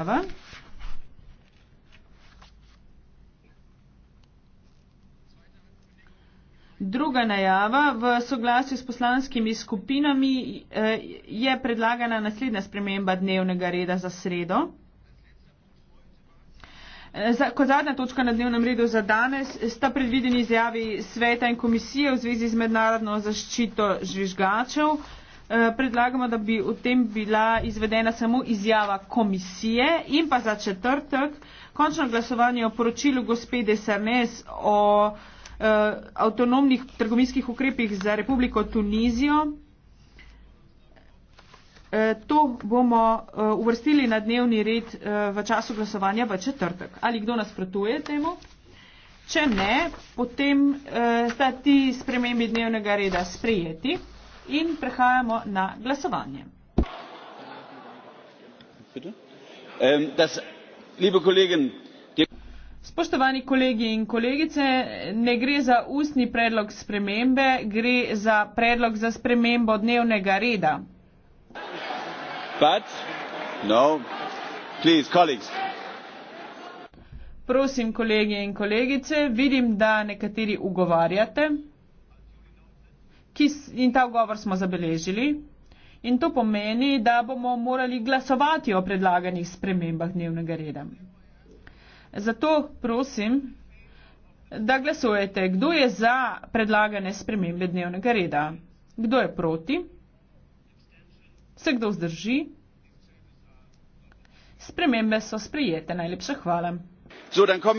Hvala. Druga najava v soglasju s poslanskimi skupinami eh, je predlagana naslednja sprememba dnevnega reda za sredo. Eh, kot zadnja točka na dnevnem redu za danes eh, sta predvideni izjavi sveta in komisije v zvezi z mednarodno zaščito žvižgačev. Eh, predlagamo, da bi v tem bila izvedena samo izjava komisije in pa za četrtek končno glasovanje o poročilu gospede Sarnes o eh, avtonomnih trgovinskih ukrepih za Republiko Tunizijo. Eh, to bomo uvrstili na dnevni red v času glasovanja v četrtek. Ali kdo nasprotuje temu? Če ne, potem sta ti spremembi dnevnega reda sprejeti in prehajamo na glasovanje. Ähm, Spoštovani kolegi in kolegice, ne gre za ustni predlog spremembe, gre za predlog za spremembo dnevnega reda. But, no, please, Prosim, kolegi in kolegice, vidim, da nekateri ugovarjate in ta govor smo zabeležili. In to pomeni, da bomo morali glasovati o predlaganih spremembah dnevnega reda. Zato prosim, da glasujete, kdo je za predlagane spremembe dnevnega reda, kdo je proti, se kdo vzdrži. Spremembe so sprijete. Najlepša hvala. So,